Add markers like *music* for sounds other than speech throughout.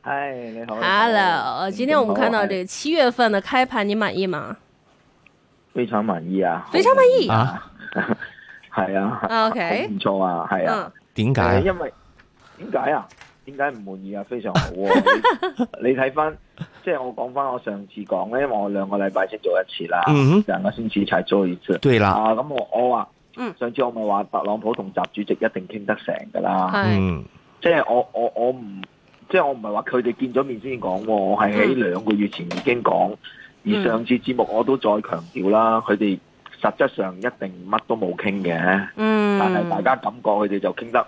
嗨，你好，Hello，今天我們看到這個七月份的開盤，你滿意嗎？非常滿意啊，非常滿意啊，係啊，OK，唔錯啊，係啊，點解？因為點解啊？點解唔滿意啊？非常好，你睇翻，即係我講翻我上次講咧，因為我兩個禮拜先做一次啦，兩個星期先試做一次，對啦，咁我我話，上次我咪話特朗普同習主席一定傾得成噶啦，係，即係我我我唔。即係我唔係話佢哋見咗面先講，我係喺兩個月前已經講，嗯、而上次節目我都再強調啦，佢哋實質上一定乜都冇傾嘅，嗯、但係大家感覺佢哋就傾得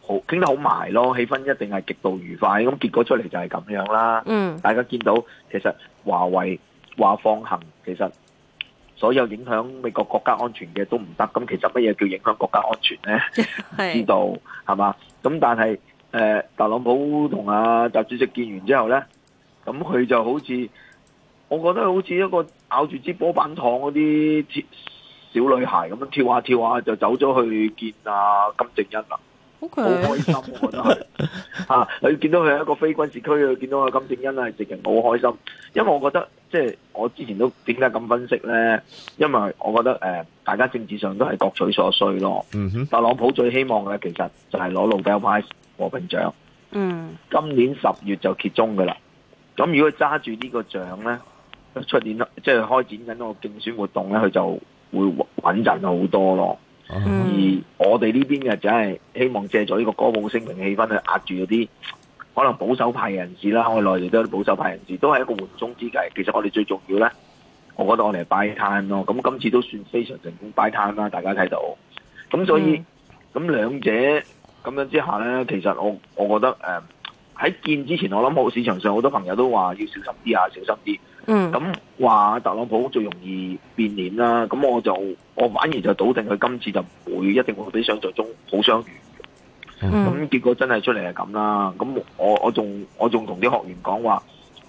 好，傾得好埋咯，氣氛一定係極度愉快，咁結果出嚟就係咁樣啦。嗯，大家見到其實華為話放行，其實所有影響美國國家安全嘅都唔得，咁其實乜嘢叫影響國家安全咧？是 *laughs* 知道係嘛？咁但係。誒、呃，特朗普同阿習主席見完之後咧，咁、嗯、佢就好似，我覺得好似一個咬住支波板糖嗰啲小女孩咁樣跳下跳下就走咗去見阿、啊、金正恩啦。好 Okay. 開心，我覺得佢 *laughs* 啊，你見到佢係一個非軍事區，佢見到阿金正恩係直情好開心，因為我覺得即係我之前都點解咁分析咧，因為我覺得誒、呃，大家政治上都係各取所需咯。哼、mm，hmm. 特朗普最希望嘅其實就係攞諾貝爾和平獎，嗯，今年十月就揭盅噶啦。咁如果揸住呢個獎咧，出年即係、就是、開展緊個競選活動咧，佢就會穩陣好多咯。嗯、而我哋呢邊嘅就係希望借助呢個歌舞升平氣氛去壓住嗰啲可能保守派人士啦，我哋內地都有保守派人士都係一個緩衝之計。其實我哋最重要咧，我覺得我哋係擺攤咯。咁今次都算非常成功擺攤啦，大家睇到。咁所以咁兩、嗯、者。咁樣之下咧，其實我我覺得誒喺見之前，我諗好市場上好多朋友都話要小心啲啊，小心啲。Mm. 嗯。咁話特朗普最容易變臉啦，咁、嗯、我就我反而就篤定佢今次就唔會一定會比想像中好相與。咁、mm. 嗯嗯、結果真係出嚟係咁啦。咁、嗯、我我仲我仲同啲學員講話，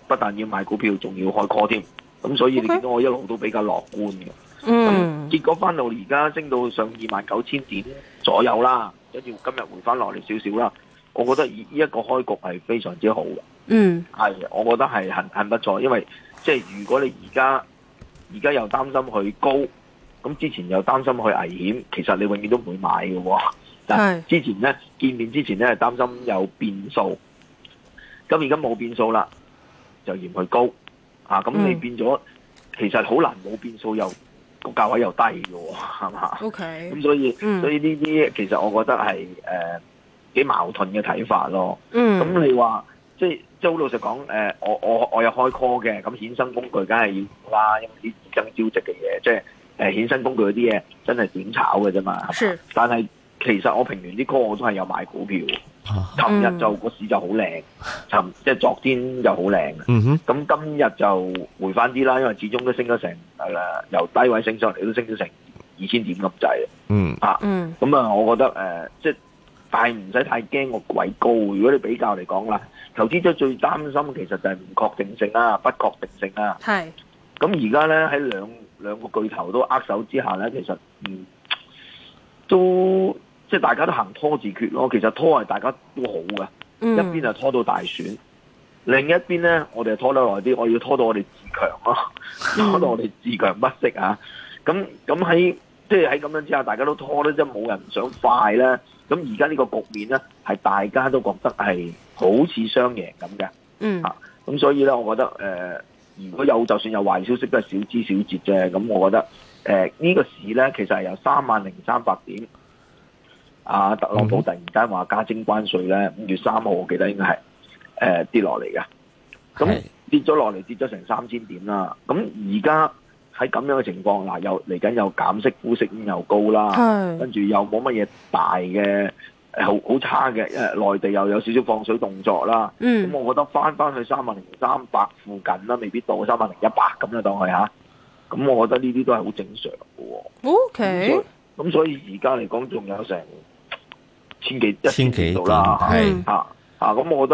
不但要買股票，仲要開 call 添。咁、嗯、所以你見到我一路都比較樂觀嘅。嗯。Okay . Mm. 結果返到而家升到上二萬九千點左右啦。跟住今日回翻落嚟少少啦，我覺得呢一個開局係非常之好嘅，嗯，係，我覺得係很很不錯，因為即係如果你而家而家又擔心佢高，咁之前又擔心佢危險，其實你永遠都唔會買嘅。嗱，之前咧是 見面之前咧擔心有變數，咁而家冇變數啦，就嫌佢高啊，咁你變咗，嗯、其實好難冇變數又，價位又低嘅，係嘛？OK，咁、嗯嗯、所以所以呢啲其實我覺得係誒、呃、幾矛盾嘅睇法咯。嗯，咁你話即係即好老實講誒、呃，我我我有開 call 嘅，咁衍生工具梗係要啦、啊，因為啲爭招集嘅嘢，即係誒、呃、衍生工具嗰啲嘢真係點炒嘅啫嘛。係是，但係。其實我評完啲 call 我都係有買股票。尋、啊、日就個、嗯、市就好靚，即係、就是、昨天就好靚。咁、嗯、哼今日就回翻啲啦，因為始終都升咗成、呃、由低位升上嚟，都升咗成二千點咁滯。嗯咁啊，嗯嗯嗯、我覺得即係、呃，但係唔使太驚個位高。如果你比較嚟講啦，投資者最擔心其實就係唔確定性啦、啊、不確定性啦、啊。係是。咁而家咧喺兩兩個巨頭都握手之下咧，其實嗯都。即係大家都行拖字決咯，其實拖係大家都好嘅，一邊係拖到大選，mm. 另一邊咧我哋就拖得耐啲，我要拖到我哋自強咯，拖到我哋自強不息啊。咁咁喺即係喺咁樣之下，大家都拖咧，即係冇人想快咧。咁而家呢個局面咧，係大家都覺得係好似雙贏咁嘅。嗯、mm. 啊，吓咁所以咧，我覺得誒、呃，如果有就算有壞消息都係小枝小節啫。咁我覺得誒呢、呃這個市咧，其實係由三萬零三百點。啊，特朗普突然間話加徵關稅咧，五月三號我記得應該係誒跌落嚟嘅，咁、嗯、是跌咗落嚟，跌咗成三千點啦。咁而家喺咁樣嘅情況嗱，又嚟緊又減息，股息又高啦，跟住是又冇乜嘢大嘅好好差嘅，誒內地又有少少放水動作啦。咁我覺得翻翻去三萬零三百附近啦，未必到三萬零一百咁就當係吓。咁、啊嗯、我覺得呢啲都係好正常嘅、哦。O Okay K。咁所以而家嚟講仲有成。千幾一千幾度啦，係啊、嗯、啊！咁我覺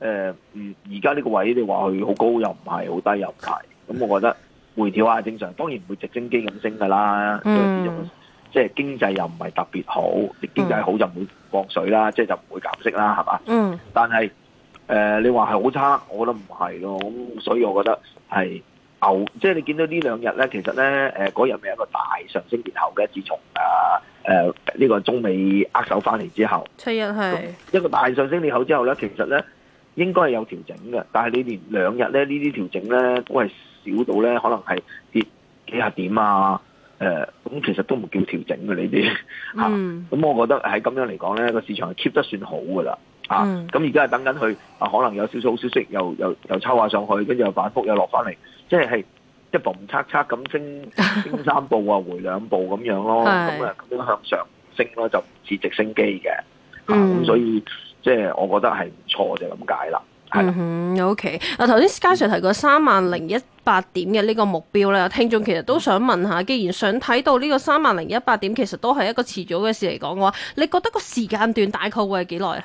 得誒，而家呢個位你話佢好高又唔係，好低又唔係。咁、嗯嗯、我覺得回調下正常，當然唔會直升機咁升噶啦。即係、嗯就是、經濟又唔係特別好，經濟好就唔會放水啦，即係、嗯、就唔會減息啦，係嘛？嗯。但係誒、呃，你話係好差，我覺得唔係咯。咁所以我覺得係牛。即、就、係、是、你見到這兩天呢兩日咧，其實咧誒嗰日咪一個大上升年頭嘅，自從啊。誒，呢、呃，這個中美握手翻嚟之後，七日係一個大上升裂口之後咧，其實咧應該係有調整嘅，但係你連兩日咧呢啲調整咧都係少到咧，可能係跌幾十點啊，誒、呃，咁其實都唔叫調整嘅呢啲吓，咁、嗯啊、我覺得喺咁樣嚟講咧，個市場 keep 得算好噶啦，啊，咁而家係等緊佢啊，可能有少少好消息，又又又，又抽下上去，跟住又反覆又落翻嚟，即係。一 boom，咁升升三步啊，回兩步咁樣咯。咁啊，咁樣向上升咧就唔似直升機嘅咁，所以即係我覺得係唔錯就咁解啦。嗯 o、okay、k 啊，頭先 SkySir 提過三萬零一百點嘅呢個目標咧，嗯、我聽眾其實都想問下，既然想睇到呢個三萬零一百點，其實都係一個遲早嘅事嚟講嘅話，你覺得個時間段大概會係幾耐啊？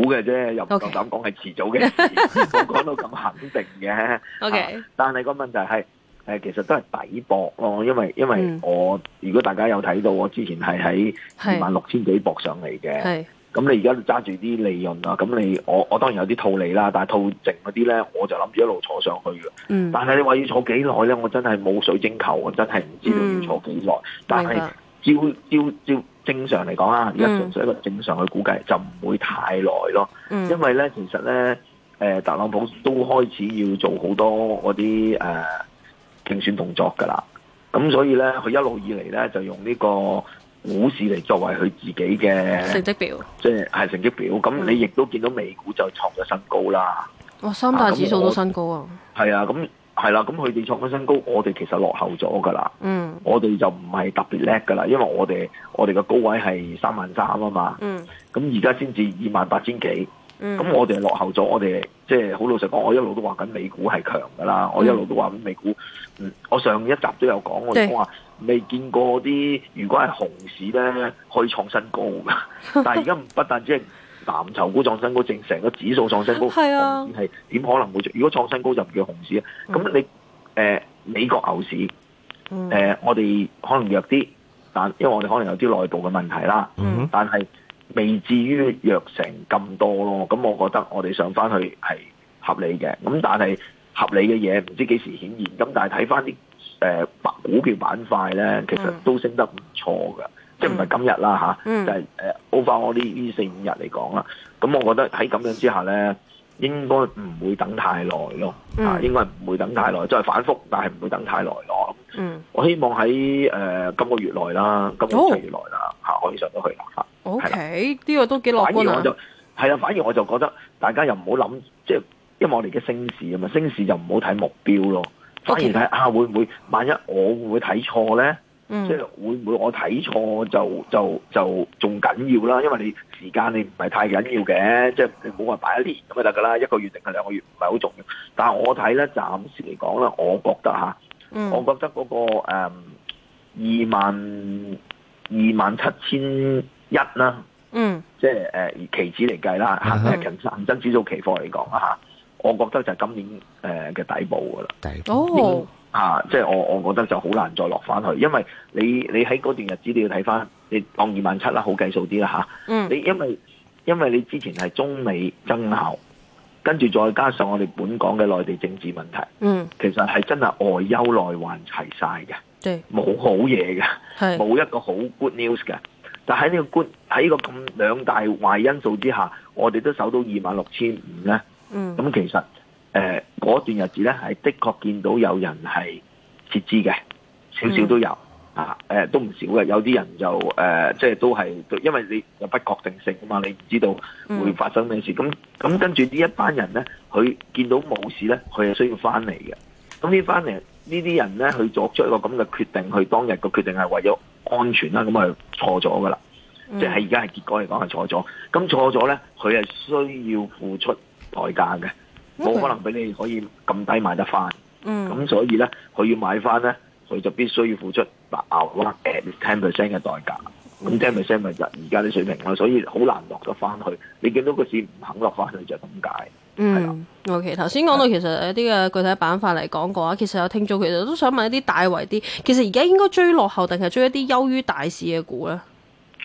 估嘅啫，又唔夠膽講係遲早嘅事。冇講到咁肯定嘅 Okay.、啊。但係個問題係，誒，其實都係抵博咯，因為因為我、嗯、如果大家有睇到，我之前係喺二萬六千幾博上嚟嘅。咁是你而家就揸住啲利潤啦，咁你我我當然有啲套利啦，但係套剩嗰啲咧，我就諗住一路坐上去嘅。嗯、但係你話要坐幾耐咧，我真係冇水晶球，我真係唔知道要坐幾耐。嗯、但係，朝朝朝。正常嚟講啊，而家純粹一個正常嘅估計，就唔會太耐咯。嗯嗯、因為咧，其實咧，誒、呃，特朗普都開始要做好多嗰啲誒競選動作㗎喇。咁所以咧，佢一路以嚟咧就用呢個股市嚟作為佢自己嘅成績表，即係成績表。咁你亦都見到美股就創咗新高啦。哇！三大指數都新高啊！係啊，咁。係啦，咁佢哋創緊新高，我哋其實落後咗噶啦。嗯，我哋就唔係特別叻噶啦，因為我哋我哋嘅高位係三萬三啊嘛。嗯，咁而家先至二萬八千幾。嗯，咁我哋落後咗，我哋即係好老實講，我一路都話緊美股係強噶啦，嗯、我一路都話緊美股，嗯。我上一集都有講，對 我講話未見過啲如果係熊市咧可以創新高噶，但係而家不但只係。藍籌股創新高，正成個指數創新高，係啊，係點可能會？如果創新高就唔叫熊市啊。咁你誒、嗯呃、美國牛市，誒我哋可能弱啲，但因為我哋可能有啲內部嘅問題啦，嗯、但係未至於弱成咁多咯。咁我覺得我哋上翻去係合理嘅。咁但係合理嘅嘢唔知幾時顯現。咁但係睇翻啲誒股票板塊咧，其實都升得唔錯噶。嗯嗯嗯即係唔係今日啦嚇、嗯啊，就係、是、over 呢呢四五日嚟講啦。咁我覺得喺咁樣之下咧，應該唔會等太耐咯。嗯、啊，應該唔會等太耐，即、就、係、是、反覆，但係唔會等太耐咯。嗯，我希望喺誒、呃、今個月內啦，今個月月內啦、哦啊，可以上到去。嚇，O K，呢個都幾樂觀啊。反而我就啊，反而我就覺得大家又唔好諗，即係因為我哋嘅升市啊嘛，升市就唔好睇目標咯。反而睇 Okay. 啊，會唔會？萬一我會唔會睇錯咧？嗯、即係會唔會我睇錯就就就仲緊要啦，因為你時間你唔係太緊要嘅，即係你冇話擺一年咁就得噶啦，一個月定係兩個月唔係好重要。但係我睇咧，暫時嚟講咧，我覺得吓，啊嗯、我覺得嗰、那個誒、嗯、二萬二萬七千一啦，啊、嗯，即係誒、呃、期指嚟計啦，行、啊、行、嗯、恆生指數期貨嚟講啊吓，我覺得就係今年誒嘅底部噶啦，底部哦啊！即係我，我覺得就好難再落翻去，因為你你喺嗰段日子你要睇翻，你當二萬七啦，好計數啲啦吓。嗯。你因為因為你之前係中美爭拗，跟住再加上我哋本港嘅內地政治問題，嗯，其實係真係外憂內患齊晒嘅，冇對好嘢嘅，冇是一個好 good news 嘅。但喺呢個 good 喺呢個咁兩大壞因素之下，我哋都守到二萬六千五咧。嗯。咁其實。誒，嗰、呃、段日子咧，係的確見到有人係撤資嘅，少少都有、嗯、啊。誒，都唔少嘅。有啲人就誒、呃，即係都係，因為你有不確定性啊嘛，你唔知道會發生咩事。咁咁跟住呢一班人咧，佢見到冇事咧，佢係需要翻嚟嘅。咁呢翻嚟呢啲人咧，佢作出一個咁嘅決定，佢當日個決定係為咗安全啦，咁啊錯咗噶啦，即係而家係結果嚟講係錯咗。咁錯咗咧，佢係需要付出代價嘅。冇 Okay. 可能俾你可以咁低買得翻，咁、嗯、所以咧佢要買翻咧，佢就必須要付出嗱牛拉誒，你 ten percent 嘅代價咁。ten percent 咪就而家啲水平咯，所以好難落得翻去。你見到個市唔肯落翻去就這，就係咁解。嗯的，OK，頭先講到其實一啲嘅具體板塊嚟講過啊，其實有聽眾其實都想問一啲大圍啲，其實而家應該追落後定係追一啲優於大市嘅股咧？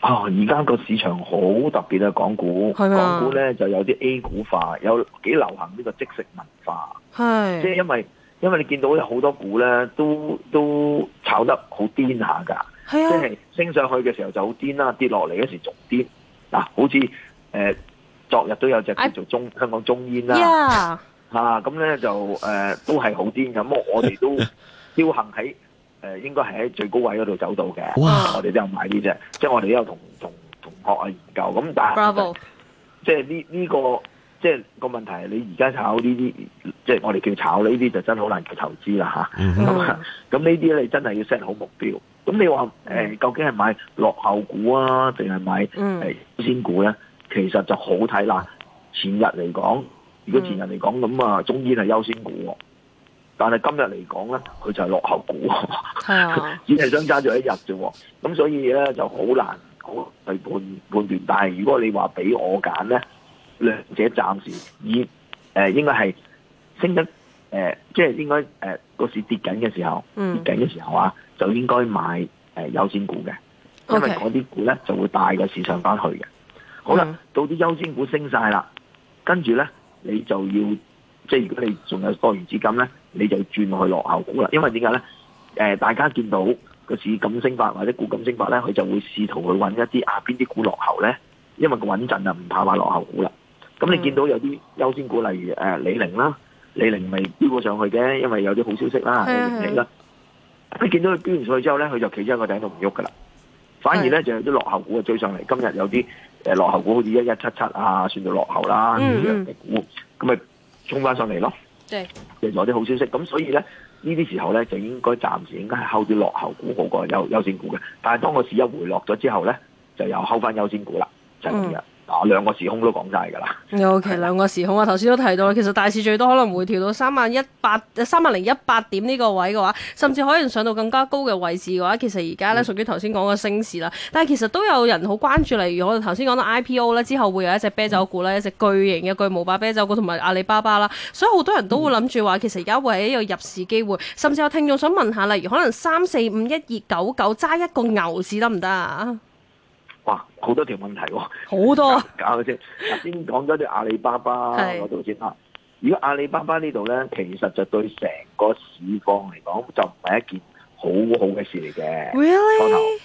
啊！而家個市場好特別啊，港股，的港股咧就有啲 A 股化，有幾流行呢個即食文化，係的，即係因為因為你見到有好多股咧都都炒得好癲下噶，係啊的，即係升上去嘅時候就好癲啦，跌落嚟嗰時仲癲，嗱、啊，好似誒、呃，昨日都有隻叫做中 I 香港中煙啦、啊，吓 Yeah.、啊，咁咧就誒、呃、都係好癲，咁我哋都彪行喺。誒應該係喺最高位嗰度走到嘅，哇我哋都有買呢隻，即係我哋都有同同同學啊研究。咁但係 Bravo 即係呢呢個即係個問題係你而家炒呢啲，即係我哋叫炒呢啲就真係好難叫投資啦嚇。咁咁呢啲你真係要 set 好目標。咁你話誒、欸、究竟係買落後股啊，定係買誒優先股咧？Mm hmm. 其實就好睇啦。前日嚟講，如果前日嚟講咁啊，鍾意係優先股、啊。但係今日嚟講咧，佢就係落後股、哦，啊、只係相差咗一日啫喎。咁所以咧就好難去判判斷，但係如果你話俾我揀咧，兩者暫時以、呃、應該係升得、呃、即係應該個、呃、市跌緊嘅時候，嗯、跌緊嘅時候啊，就應該買、呃、優先股嘅，因為嗰啲股咧就會帶個市場翻去嘅。嗯、好啦，到啲優先股升晒啦，跟住咧你就要，即係如果你仲有多餘資金咧。你就轉落去落後股啦，因為點解咧？誒、呃，大家見到個市咁升法或者股咁升法咧，佢就會試圖去揾一啲啊邊啲股落後咧，因為穩陣就唔怕買落後股啦。咁你見到有啲優先股，例如誒、呃、李寧啦，李寧未飆過上去嘅，因為有啲好消息啦，嚟啦。你見到佢飆完上去之後咧，佢就企喺一個頂度唔喐噶啦，反而咧是的 就有啲落後股啊追上嚟。今日有啲誒、呃、落後股好似一一七七啊，算到落後啦呢樣嘅股，咁咪、嗯嗯、衝翻上嚟咯。對，即係有啲好消息，咁所以咧呢啲時候咧就應該暫時應該係 hold 啲落後股好過優優先股嘅。但係當個市一回落咗之後咧，就又 hold 返翻優先股啦，就係咁樣。嗯啊，兩個時空都講晒㗎啦。OK，兩個時空啊，頭先都提到啦。其實大市最多可能會調到三萬一八，三萬零一八點呢個位嘅話，甚至可能上到更加高嘅位置嘅話，其實而家咧屬於頭先講嘅升市啦。但係其實都有人好關注，例如我哋頭先講到 IPO 咧，之後會有一隻啤酒股啦，嗯、一隻巨型嘅巨無霸啤酒股同埋阿里巴巴啦。所以好多人都會諗住話，其實而家會係一個入市機會。甚至有聽眾想問下，例如可能三四五一二九九揸一個牛市得唔得啊？哇！好多條問題喎，好多。搞先，頭先講咗啲阿里巴巴度先啦是如果阿里巴巴裡呢度咧，其實就對成個市況嚟講，就唔係一件好 Really? 好嘅事嚟嘅。r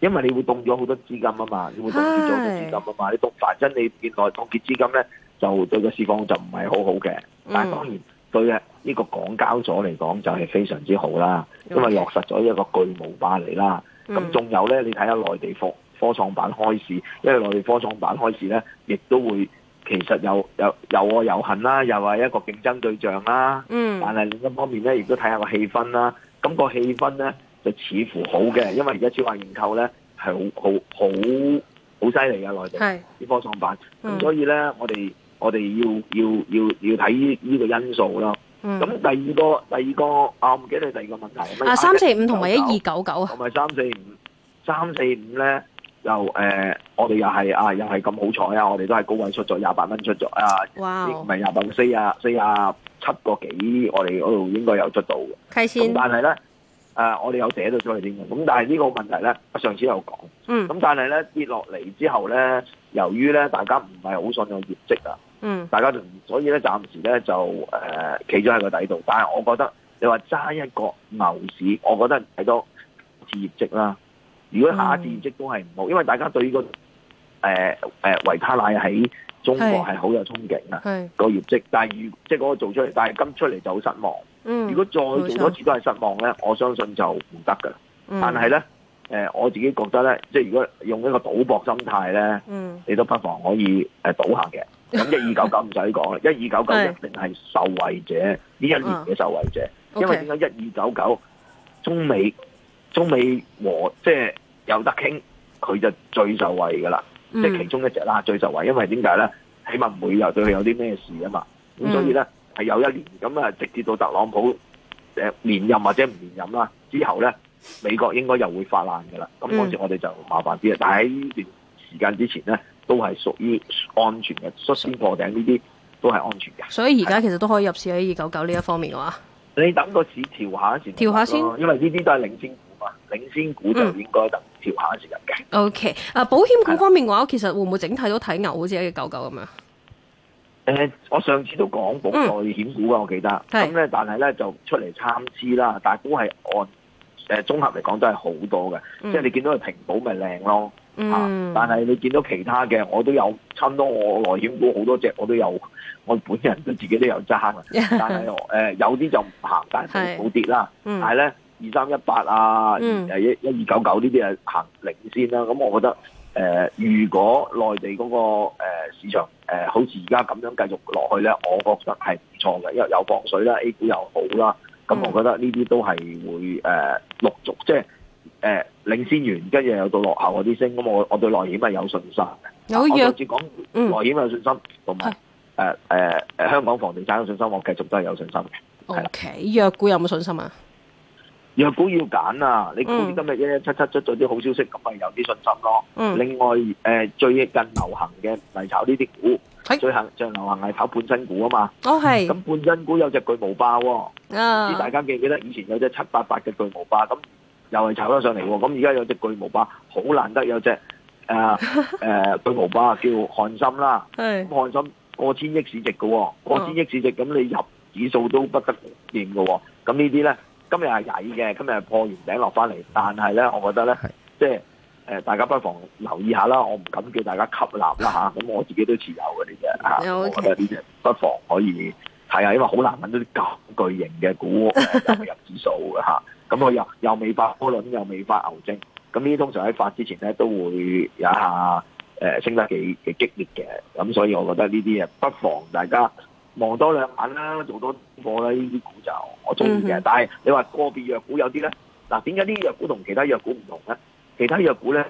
因為你會凍咗好多資金啊嘛，你會凍結咗好多資金啊嘛，是你凍凡真你變內凍結資金咧，就對個市況就唔係好好嘅。嗯、但係當然對啊，呢個港交所嚟講就係非常之好啦，因為落實咗一個巨無霸嚟啦。咁仲、嗯、有咧，你睇下內地貨。科創板開始，因為內地科創板開始咧，亦都會其實有有有我有恨啦，又係一個競爭對象啦。嗯。但係另一方面咧，亦都睇下個氣氛啦。咁、個氣氛咧，就似乎好嘅，因為而家超額認購咧係好好好好犀利嘅內地啲是科創板。咁、嗯、所以咧，我哋我哋要要要要睇呢呢個因素咯。咁、嗯、第二個第二個啊，唔記得第二個問題係咩啊，三四五同埋一二九九啊，同埋三四五三四五咧。就誒、呃，我哋又係啊，又係咁好彩啊！我哋都係高位出咗廿八蚊出咗啊，唔係廿八四啊，四啊七個幾，我哋嗰度應該有出到嘅。咁心但係咧，誒、啊、我哋有寫到出嚟先嘅。咁但係呢個問題咧，我上次有講。嗯。咁但係咧，跌落嚟之後咧，由於咧大家唔係好信有業績啊，嗯。大家，嗯、大家所以咧暫時咧就誒企咗喺個底度，但係我覺得你話揸一個牛市，我覺得睇多次業績啦。如果下一次業績都係唔好，嗯、因為大家對呢、這個誒誒、呃呃、維他奶喺中國係好有憧憬啊是個業績，但係如即係個做出嚟，但係今出嚟就好失望。嗯，如果再做多次都係失望咧，嗯、我相信就唔得㗎。嗯，但係咧誒，我自己覺得咧，即、就、係、是、如果用一個賭博心態咧，嗯、你都不妨可以誒、呃、賭下嘅。咁一二九九唔使講啦，一二九九一定係受惠者，呢一年嘅受惠者，因為點解一二九九中美？中美和即係有得傾，佢就最受惠噶啦，即係、嗯、其中一隻啦，最受惠，因為點解咧？起碼唔會又對佢有啲咩事啊嘛。咁、嗯、所以咧係有一年咁啊，直接到特朗普誒、呃、連任或者唔連任啦之後咧，美國應該又會發難噶啦。咁嗰時我哋就麻煩啲啦。嗯、但係喺呢段時間之前咧，都係屬於安全嘅，率先破頂呢啲都係安全嘅。所以而家其實都可以入市喺二九九呢一方面嘅話，你等個市調下先，調下先，因為呢啲都係領先。領先股就應該等調下嘅時間嘅。O K，啊，保險股方面嘅話，的其實會唔會整體都睇牛好似一隻狗狗咁樣？誒、呃，我上次都講保內險股啊，嗯、我記得。咁咧是，但係咧就出嚟參差啦，大股係按誒綜合嚟講都係好多嘅，即係你見到佢平保咪靚咯。嗯。但係、呃嗯、你見到,、嗯啊、到其他嘅，我都有差唔多，我內險股好多隻我都有，我本人都自己都有揸。 *laughs* 但係誒、呃、有啲就唔行，但係冇跌啦。是是呢嗯。但係咧。二三一八啊，誒一一二九九呢啲啊行領先啦、啊，咁、嗯、我覺得誒、呃、如果內地嗰、那個、呃、市場誒、呃、好似而家咁樣繼續落去咧，我覺得係唔錯嘅，因為有放水啦、啊，A 股又好啦、啊，咁、嗯、我覺得呢啲都係會誒、呃、陸續即係誒、呃、領先完，跟住有到落後嗰啲升，咁我我對內險係有信心嘅，有若我多次講內險有信心，同埋誒誒誒香港房地產有信心，我繼續都係有信心嘅。O K. 藥股有冇信心啊？藥股要揀啊！你估今日一一七七出咗啲好消息，咁咪有啲信心咯。嗯、另外，誒、呃、最近流行嘅係炒呢啲股，欸、最近就流行係炒半新股啊嘛。哦，係。咁半新股有隻巨無霸喎。啊！大家記唔記得以前有隻七八八嘅巨無霸？咁又係炒咗上嚟。咁而家有隻巨無霸，好難得有隻誒誒、呃 *laughs* 呃、巨無霸叫瀚森啦。係是。咁瀚森過千億市值嘅，嗯、過千億市值咁你入指數都不得了嘅。咁呢啲咧？今日係曳嘅，今日破完頂落翻嚟，但係咧，我覺得咧，的即係、呃、大家不妨留意下啦。我唔敢叫大家吸納啦嚇，咁我自己都持有嘅呢隻嚇，啊、的我覺得呢啲不妨可以係下，因為好難揾到啲咁巨型嘅股入指數嘅。咁、啊、我又又未發窩輪，又未發牛證。咁呢啲通常喺發之前咧都會有一下誒、呃、升得幾幾激烈嘅，咁所以我覺得呢啲嘢不妨大家。望多兩眼啦，做多貨啦，呢啲股就我中意嘅。嗯、哼但係你話個別藥股有啲咧，嗱，點解啲藥股同其他藥股唔同咧？其他藥股咧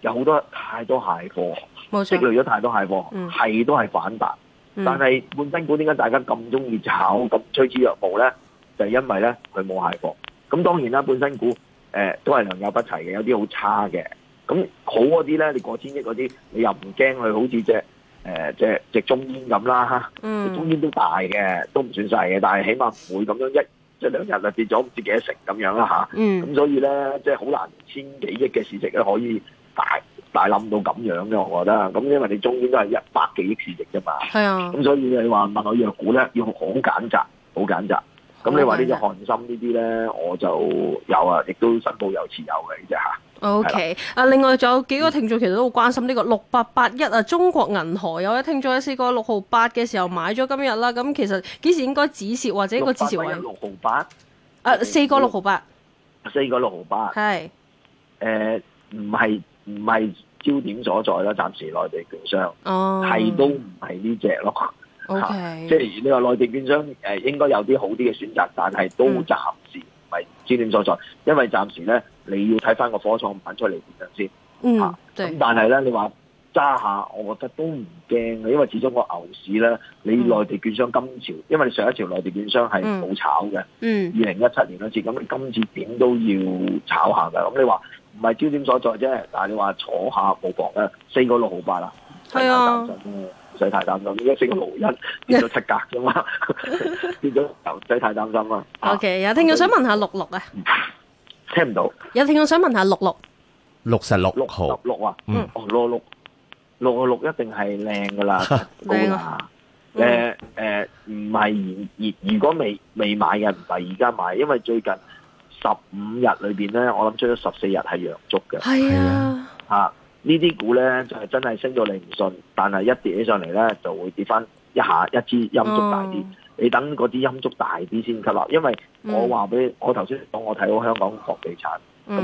有好多太多蟹貨，錯積累咗太多蟹貨，係、嗯、都係反彈。嗯、但係半新股點解大家咁中意炒咁、嗯、趨之若鶩咧？就係因為咧佢冇蟹貨。咁當然啦，半新股誒、呃、都係良莠不齊嘅，有啲好差嘅。咁好嗰啲咧，你過千億嗰啲，你又唔驚佢好似只。誒、呃，即即中煙咁啦，嚇、嗯，中煙都大嘅，都唔算細嘅，但係起碼唔會咁樣一一、即係、兩日就跌咗唔知幾多成咁樣啦吓，咁所以咧，即係好難千幾億嘅市值咧，可以大大冧到咁樣嘅，我覺得，咁因為你中煙都係一百幾億市值啫嘛，係啊，咁所以你話問我藥股咧，要好揀擇，好揀擇，咁你話呢隻翰森呢啲咧，我就有啊，亦都申報有持有嘅啫嚇。啊 O Okay , K，的啊，另外仲有幾個聽眾其實都好關心呢、這個、嗯、六八八一啊，中國銀河有啲聽眾啊，四個六號八嘅時候買咗今日啦，咁其實幾時應該止蝕，或者個止蝕位？六號八，啊，四個六號八，四個六號八，係，誒，唔係唔係焦點所在啦，暫時內地券商，哦，係都唔係呢隻咯，O K，即係你話內地券商誒、呃，應該有啲好啲嘅選擇，但係都暫時唔係、嗯、焦點所在，因為暫時咧。你要睇翻個火廠品出嚟點樣先？嗯，嚇，咁但係咧，你話揸下，我覺得都唔驚嘅，因為始終個牛市咧，你內地券商今朝，因為你上一朝內地券商係冇炒嘅，嗯，二零一七年嗰次，咁你今次點都要炒下㗎。咁你話唔係焦點所在啫，但係你話坐下冇搏嘅，四個六毫八啦，係啊，唔使太擔心，唔使太擔心，而家四個六一變咗七格啫嘛，變咗又唔使太擔心啦。O K，有聽友想問下六六啊。聽唔到，有聽我想問下六六，六十六六號六六啊，嗯，六六六個六一定係靚噶啦，靚啊 *laughs* 娜，誒誒的，唔係而如果未未買嘅唔係而家買，因為最近十五日裏邊咧，我諗出咗十四日係陽燭嘅，係啊，吓、啊、呢啲股咧就係、真係升咗你唔信，但係一跌起上嚟咧就會跌翻一下一支陰燭大啲。嗯你等嗰啲音足大啲先吸納，因為我話俾你我頭先講，我睇好香港房地產，咁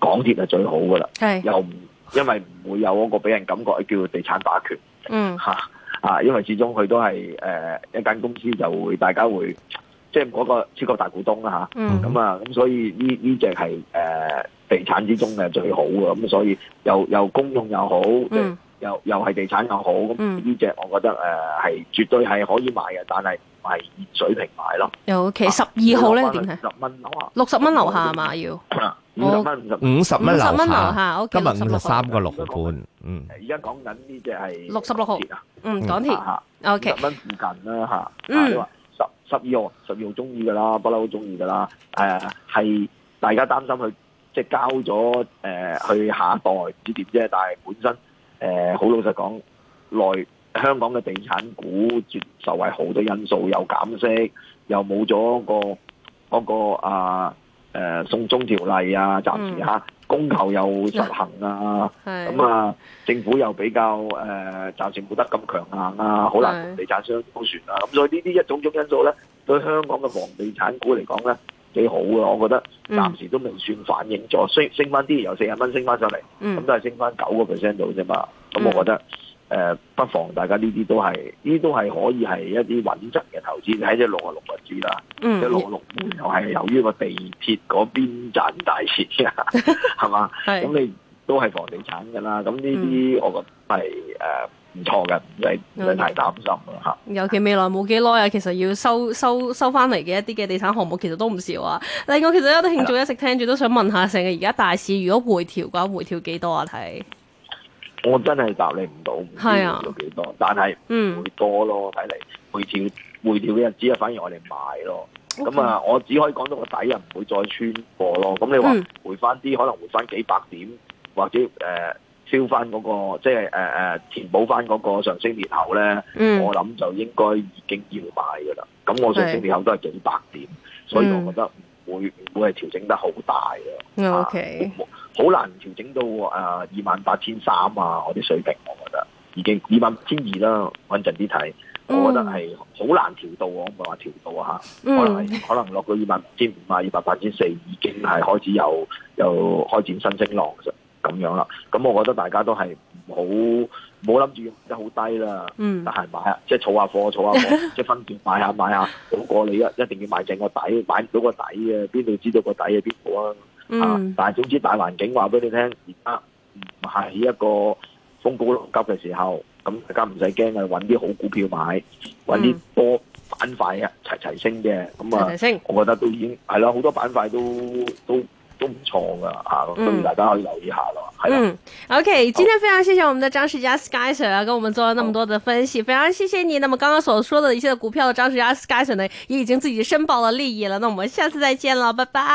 港鐵係最好噶啦，是又唔因為唔會有嗰個俾人感覺叫地產霸權，吓啊、嗯，因為始終佢都係誒、呃、一間公司，就會大家會即係嗰個超級大股東啦吓，咁啊，咁、嗯啊、所以呢呢隻係誒地產之中嘅最好噶，咁所以又又公用又好。嗯又又係地產又好，咁呢隻我覺得誒係絕對係可以買嘅，但係係水平買咯。尤其十二號咧點？六十蚊樓下係嘛？要五十蚊五十十蚊樓下 OK，五十三個六半。嗯，而家講緊呢隻係六十六號，嗯港鐵 OK，十蚊附近啦吓。嗯，十十二號十二號中意噶啦，不嬲都中意噶啦。誒，係大家擔心佢即係交咗誒去下一代唔知點啫，但係本身。誒，好、呃、老實講，內香港嘅地產股絕受惠好多因素，又減息，又冇咗、那個嗰、那個啊誒、呃、送中條例啊，暫時吓、啊，供求又失衡啊，咁、嗯、啊，是的 政府又比較誒，暫、呃、時冇得咁強硬啊，好難同地產商造船啊，咁是的 所以呢啲一種種因素咧，對香港嘅房地產股嚟講咧。幾好啊，我覺得暫時都未算反映咗，嗯、升升翻啲，由四十蚊升翻上嚟，咁、嗯、都係升翻九個 percent 度啫嘛。咁、嗯、我覺得，誒、呃，不妨大家呢啲都係，呢都係可以係一啲穩陣嘅投資，喺隻六啊六個字啦，隻六六又係由於個地鐵嗰邊賺大錢啊，係嘛、嗯？咁 *laughs* 你都係房地產噶啦，咁呢啲我覺得係唔錯嘅，唔使唔使太擔心咯、嗯、尤其未來冇幾耐啊，其實要收收收翻嚟嘅一啲嘅地產項目，其實都唔少啊。另外，其實有啲的聽眾一直聽住都想問一下，成日而家大市如果回調嘅話，回調幾多啊？睇我真係答你唔到，係啊，幾多的？但係唔會多咯，睇嚟、嗯、回調回調嘅日子啊，反而我哋買咯。咁 Okay. 啊，我只可以講到個底啊，唔會再穿過咯。咁你話回翻啲，嗯、可能回翻幾百點或者誒？呃消翻嗰個即係誒、呃、填補翻嗰個上升裂口咧，嗯、我諗就應該已經要買㗎啦。咁我上升裂口都係幾百點，是所以我覺得唔會唔、嗯、會係調整得好大嘅。O K，好難調整到誒二萬八千三啊，我啲水平我28，我覺得已經二萬八千二啦。穩陣啲睇，我覺得係好難調到，嗯、我唔係話調到嚇、啊嗯，可能可能落到二萬八千五啊，二萬八千四已經係開始有有開展新升浪咁樣啦，咁我覺得大家都係唔好唔好諗住買得好低啦，嗯、但係買啊，即係儲下貨，儲下貨，貨 *laughs* 即係分段買一下買一下，好過你一一定要買正個底，買到個底嘅，邊度知道個底係邊度啊？嗯、啊！但係總之大環境話俾你聽，而家唔係起一個風高浪急嘅時候，咁大家唔使驚，係揾啲好股票買，揾啲多板塊嘅齊齊升嘅，咁、嗯、啊，齊齊升我覺得都已經係啦，好多板塊都都。都唔錯噶吓，所以大家可以留意下咯。係啦、嗯、的，OK，今天非常謝謝我們的張士佳 SkySir、啊、跟我們做了那麼多的分析，嗯、非常謝謝你。那麼剛剛所說的一些股票，張士佳 SkySir 呢也已經自己申報了利益了。那我們下次再見啦，拜拜。